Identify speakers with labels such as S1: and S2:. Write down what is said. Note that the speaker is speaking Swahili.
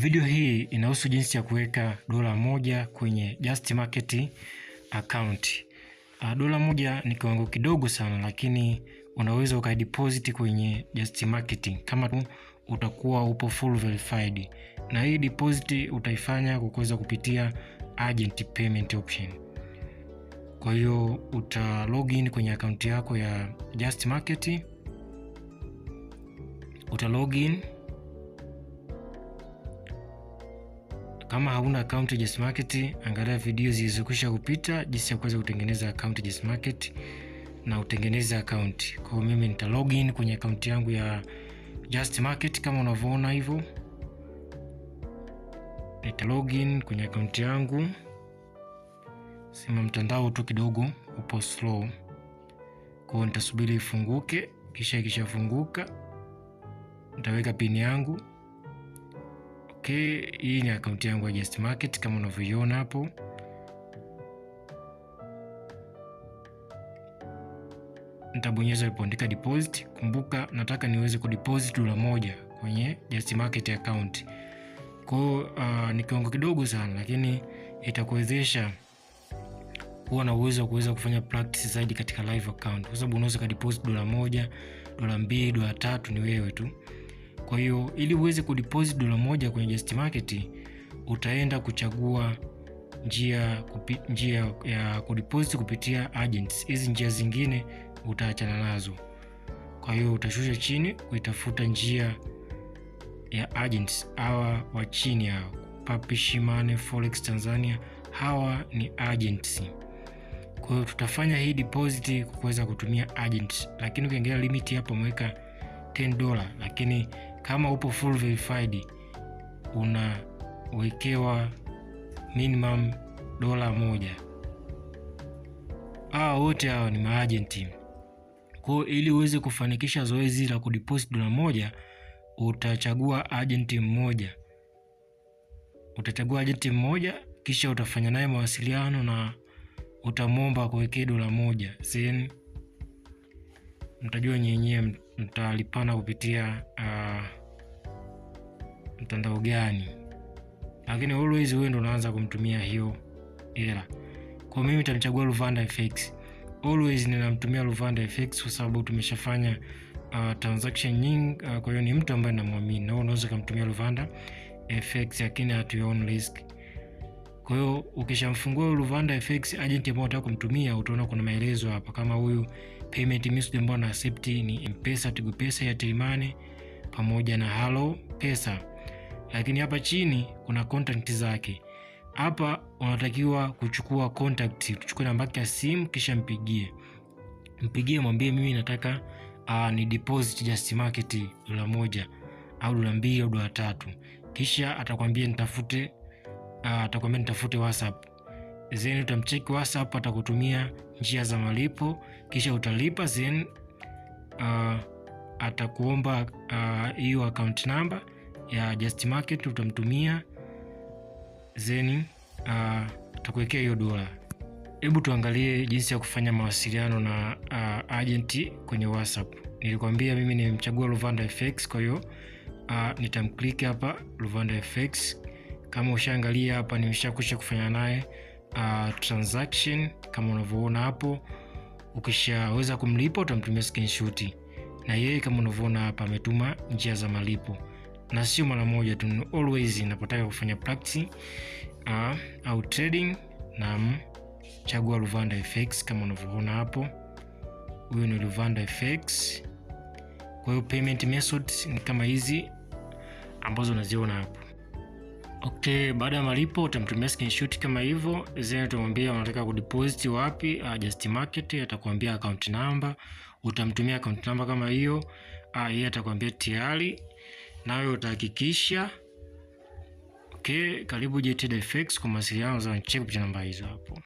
S1: Video hii inahusu jinsi ya kuweka dola moja kwenye Just Market account. Ah, dola moja ni kiwango kidogo sana, lakini unaweza ukaideposit kwenye Just Market kama utakuwa upo full verified, na hii deposit utaifanya kwa kuweza kupitia agent payment option. Kwa hiyo uta login kwenye akaunti yako ya Just Market, uta login Kama hauna account ya Market, angalia video zilizokwisha kupita jinsi ya kuweza kutengeneza account ya Market na utengeneze account. Kwa hiyo mimi nita login kwenye account yangu ya Just Market kama unavyoona hivyo. Nita login kwenye account yangu. Sema mtandao tu kidogo upo slow. Kwa hiyo nitasubiri ifunguke, kisha ikishafunguka nitaweka pini yangu. Okay, hii ni akaunti yangu ya Just Market kama unavyoiona hapo. Nitabonyeza ilipoandika deposit. Kumbuka nataka niweze kudeposit dola moja kwenye Just Market account. Kwa hiyo uh, ni kiwango kidogo sana, lakini itakuwezesha kuwa na uwezo wa kuweza kufanya practice zaidi katika live account, kwa sababu unaweza kudeposit dola moja, dola mbili, dola tatu, ni wewe tu. Kwa hiyo ili uweze kudeposit dola moja kwenye Just Market utaenda kuchagua njia, kupi, njia ya kudeposit kupitia agents. Hizi njia zingine utaachana nazo. Kwa hiyo utashusha chini kuitafuta njia ya agents hawa wa chini ya Papishi Money Forex Tanzania, hawa ni agents. Kwa hiyo tutafanya hii deposit kuweza kutumia agent, lakini ukiangalia limit hapo umeweka 10 dola, lakini kama upo full verified unawekewa minimum dola moja. Hawa wote hawa ni maajenti. Kwa ili uweze kufanikisha zoezi la kudeposit dola moja, utachagua ajenti mmoja, utachagua ajenti mmoja, kisha utafanya naye mawasiliano na utamwomba kuwekea dola moja, then mtajua nyenyewe mtalipana kupitia mtandao gani, lakini always wewe ndo unaanza kumtumia hiyo hela. Kwa mimi nitamchagua Luvanda FX, always ninamtumia Luvanda FX kwa sababu tumeshafanya uh, transaction nyingi uh, kwa hiyo ni mtu ambaye namwamini, na unaweza kumtumia Luvanda FX lakini at your own risk. Kwa hiyo ukishamfungua Luvanda FX agent ambaye unataka kumtumia, utaona kuna maelezo hapa, kama huyu payment method ambayo na accept ni M-Pesa, Tigo Pesa, Airtel Money pamoja na Halo Pesa lakini hapa chini kuna contact zake. Hapa unatakiwa kuchukua contact, tuchukue namba yake ya simu, kisha mpigie, mpigie mwambie, mimi nataka uh, ni deposit Just Market dola moja au dola mbili au dola tatu, kisha atakwambia nitafute, uh, atakwambia nitafute WhatsApp then utamcheki WhatsApp, atakutumia njia za malipo, kisha utalipa then uh, atakuomba hiyo uh, account number ya Just Market utamtumia, zeni atakuwekea ah, hiyo dola. Hebu tuangalie jinsi ya kufanya mawasiliano na uh, agent kwenye WhatsApp. Nilikwambia mimi nimemchagua Luvanda FX, kwa hiyo uh, nitamclick hapa Luvanda FX. Kama ushaangalia hapa, nimeshakusha kufanya naye uh, transaction kama unavyoona hapo. Ukishaweza kumlipa utamtumia screenshot, na yeye kama unavyoona hapa ametuma njia za malipo na sio mara moja tu, always inapotaka kufanya practice uh, au trading na chagua Luvanda FX kama unavyoona hapo. huyo ni Luvanda FX. Kwa hiyo payment methods ni kama hizi ambazo unaziona hapo. Okay, baada ya malipo utamtumia screenshot kama hivyo, then utamwambia unataka kudeposit wapi. Uh, Just Market atakwambia account number, utamtumia account number kama hiyo. Uh, yeye atakwambia tayari nawe utahakikisha okay. Karibu JTDFX kwa mawasiliano za kupitia namba hizo hapo.